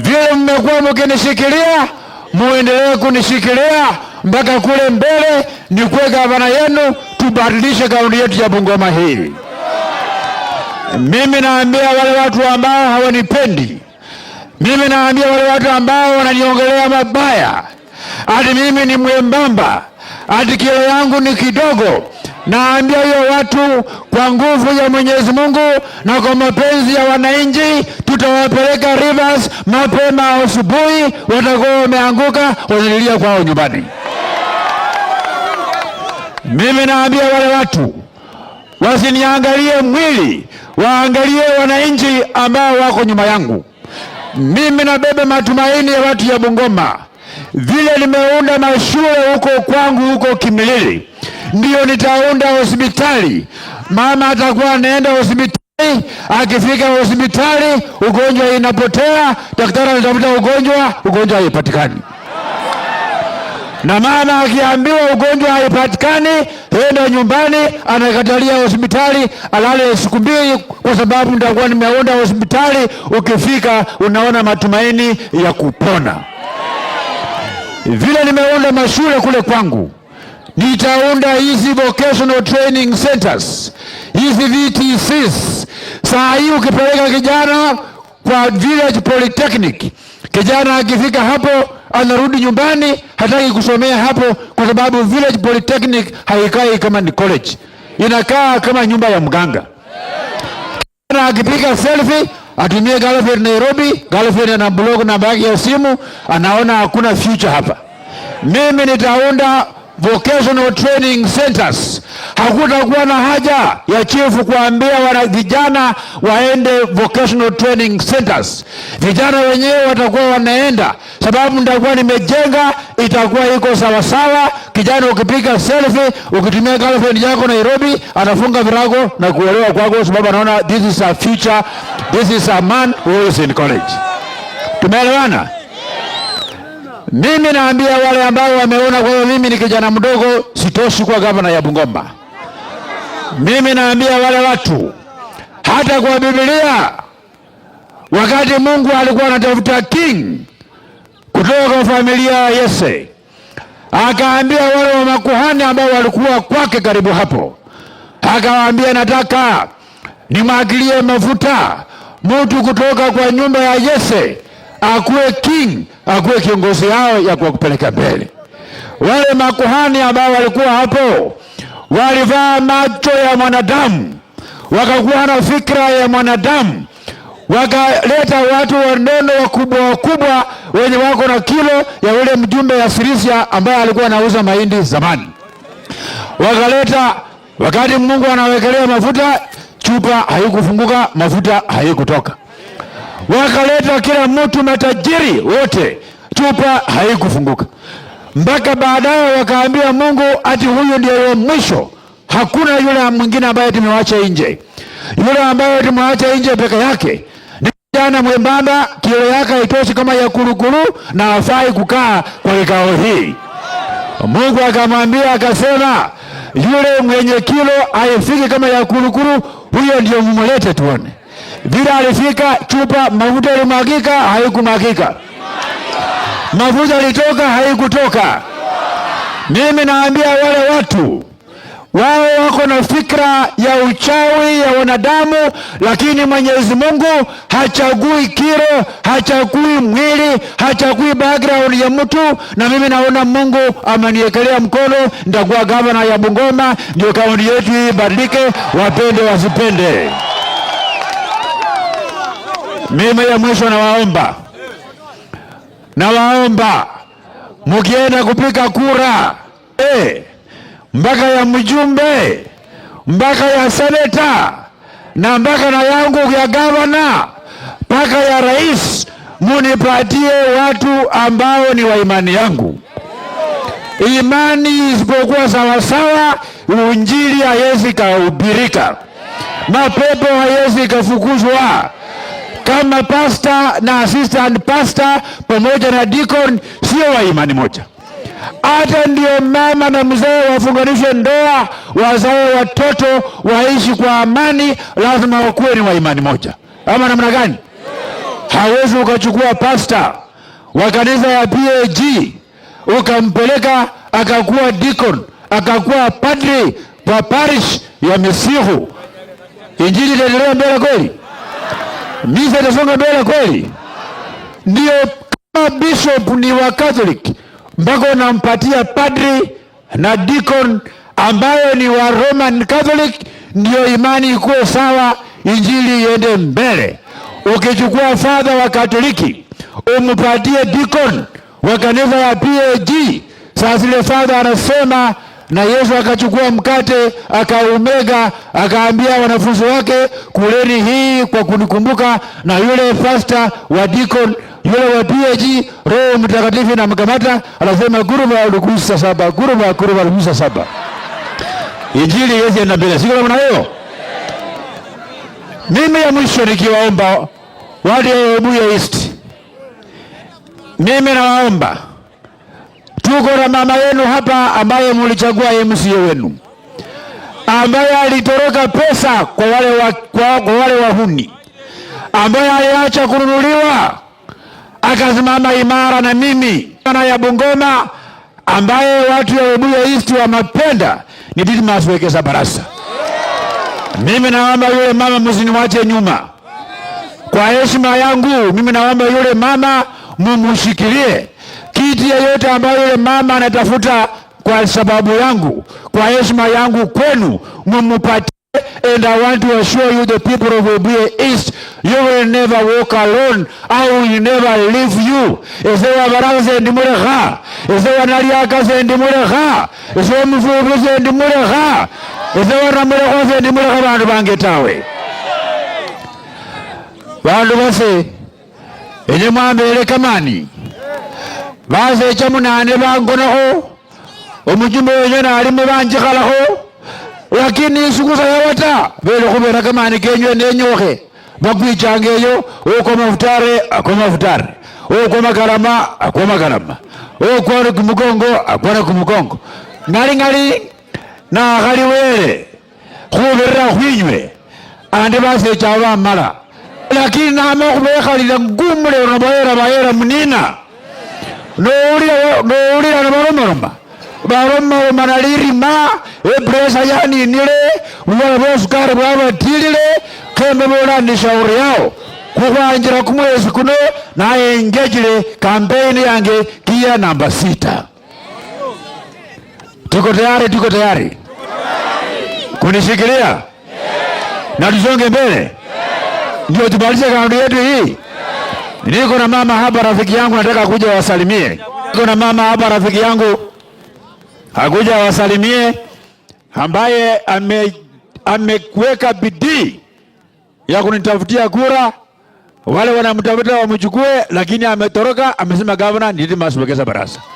vile mmekuwa mkinishikilia, muendelee kunishikilia mpaka kule mbele, nikuwe gavana yenu, tubadilishe kaunti yetu ya Bungoma hii. Mimi naambia wale watu ambao hawanipendi, mimi naambia wale watu ambao wananiongelea mabaya, hadi mimi ni mwembamba, hadi kilo yangu ni kidogo, naambia hiyo watu, kwa nguvu ya Mwenyezi Mungu na kwa mapenzi ya wananchi mtawapeleka Rivers mapema asubuhi, watakuwa wameanguka, wanalilia kwao nyumbani. Mimi naambia wale watu wasiniangalie mwili, waangalie wananchi ambao wako nyuma yangu. Mimi nabeba matumaini ya watu ya Bungoma, vile nimeunda mashule huko kwangu huko Kimilili, ndiyo nitaunda hospitali. Mama atakuwa anaenda hospitali Akifika hospitali ugonjwa inapotea, daktari anatafuta ugonjwa, ugonjwa haipatikani. Na mama akiambiwa ugonjwa haipatikani, enda nyumbani, anakatalia hospitali, alale siku mbili, kwa sababu nitakuwa nimeonda hospitali. Ukifika unaona matumaini ya kupona. Vile nimeunda mashule kule kwangu, nitaunda hizi vocational training centers, hizi VTCs Saa hii ukipeleka kijana kwa village polytechnic, kijana akifika hapo anarudi nyumbani, hataki kusomea hapo, kwa sababu village polytechnic haikai kama ni college, inakaa kama nyumba ya mganga. Kijana akipiga selfie atumie girlfriend Nairobi, girlfriend na blog na baki ya simu, anaona hakuna future hapa. Mimi nitaunda vocational training centers. Hakutakuwa na haja ya chifu kuambia wana vijana waende vocational training centers. Vijana wenyewe watakuwa wanaenda, sababu nitakuwa nimejenga, itakuwa iko sawasawa. Kijana ukipiga selfie ukitumia girlfriend yako Nairobi, anafunga virago na kuelewa kwako, sababu anaona this is a future, this is a man who is in college. Tumeelewana? Mimi naambia wale ambao wameona kwamba mimi ni kijana mdogo sitoshi kuwa gavana ya Bungoma. Mimi naambia wale watu, hata kwa Biblia wakati Mungu alikuwa anatafuta king kutoka kwa familia ya Yese, akaambia wale wa makuhani ambao walikuwa kwake karibu hapo, akawaambia nataka nimwagilie mafuta mtu kutoka kwa nyumba ya Yese akuwe king akuwe kiongozi yao ya kuwakupeleka mbele. Wale makuhani ambao walikuwa hapo walivaa macho ya mwanadamu, wakakuwa na fikra ya mwanadamu, wakaleta watu wanono wakubwa wakubwa wenye wako na kilo ya ule mjumbe ya Sirisia ambaye alikuwa anauza mahindi zamani, wakaleta wakati Mungu anawekelea mafuta, chupa haikufunguka, mafuta haikutoka wakaleta kila mtu matajiri wote, chupa haikufunguka mpaka baadaye wakaambia Mungu ati huyu ndiye mwisho, hakuna yule mwingine ambaye tumewacha nje. Yule ambaye tumewacha nje peke yake ni kijana mwembamba, kilo yake haitoshi kama ya kurukuru, na hafai kukaa kwa kikao hii. Mungu akamwambia akasema, yule mwenye kilo haifiki kama ya kurukuru, huyo ndio mumulete tuone bila alifika, chupa mafuta ilimwagika, haikumwagika, mafuta alitoka, haikutoka. Mimi naambia wale watu wao wako na fikra ya uchawi ya wanadamu, lakini Mwenyezi Mungu hachagui kiro, hachagui mwili, hachagui background ya mtu. Na mimi naona Mungu ameniekelea mkono, nitakuwa gavana ya Bungoma, ndio kaunti yetu hii ibadilike, wapende wasipende. Mimi ya mwisho nawaomba, nawaomba mukienda kupika kura eh, mpaka ya mjumbe mpaka ya seneta na mpaka na yangu ya gavana mpaka ya rais, munipatie watu ambao ni wa imani yangu. Imani isipokuwa sawasawa, unjili haiwezi kahubirika, mapepo haiwezi kafukuzwa kama pasta na assistant pasta pamoja na deacon sio wa imani moja. Hata ndio mama na mzee wafunganishe ndoa, wazae watoto, waishi kwa amani, lazima wakuwe ni wa imani moja, ama namna gani? Hawezi ukachukua pasta wa kanisa ya PAG ukampeleka akakuwa deacon akakuwa padri wa parish ya Misihu. Injili itaendelea mbele kweli? Misa itasonga mbele kweli? Ndio, kama bishop ni wa Catholic mpaka unampatia padri na deacon ambayo ni wa Roman Catholic, ndio imani ikuwe sawa, injili iende mbele. Ukichukua fadha wa Katoliki umpatie deacon wa kanisa la PAG, saa zile fadha anasema na Yesu akachukua mkate akaumega, akaambia wanafunzi wake, kuleni hii kwa kunikumbuka. Na yule fasta wa dikon yule wa PG Roho Mtakatifu na mkamata, anasema guruvalugusa saba guruvaguruvalugusa saba Injili Yesu mbele, siko namna hiyo. Mimi ya mwisho nikiwaomba wale wa Buya East, mimi nawaomba tuko na mama yenu hapa ambaye mulichagua MCA wenu ambaye alitoroka pesa kwa wale, wa, kwa, kwa wale wahuni ambaye aliacha kununuliwa akasimama imara na mimi na ya Bungoma ambaye watu ya Webuye East wamapenda ni Didmus Wekesa Barasa. Mimi naomba yule mama msiniwache nyuma. Kwa heshima yangu mimi naomba yule mama mumushikilie miti yeyote ambayo mama anatafuta kwa sababu yangu, kwa heshima yangu kwenu, mumupatie. And I want to assure you the people of Webuye East, you will never walk alone. I will never leave you. ese wabarau sendi mulekha ese wanaliaka sendi mulekha ese omufubi sendi mulekha ese wanamulekho sendi mulekha bandu bange tawe bandu base enye mwambele kamani basecha munane bangonakho omujumbe wenye nalimo banjikhalakho lakini isukusa ta bele khubera kamani kenywe nenyokhe bakwichanga eyo okwa mafutare akwa mafutare okwa makalama akwa makalama okwana kumukongo akwana kumukongo ngali ngali nakhali wele khubirira khwinywe ande basecha bamala lakini nama khubekhalila ngumule nabayera bayera munina nuurira nibarumuruma barumuruma na lirima epresa yaninile uwala bwa sukari bwabatilile kembe bulanisha uri yao kuhwanjira kumwezi kuno nayengejile kampeni yange kia namba sita tuko tayari tuko tayari kunishikilia na tusonge mbele ndio tumalize kaunti yetu hii Niko na mama hapa, rafiki yangu nataka kuja wasalimie. Niko na mama hapa, rafiki yangu akuja wasalimie, ambaye amekuweka bidii ya kunitafutia kura. Wale wanamtafuta wamchukue, lakini ametoroka, amesema gavana, nilituma barasa.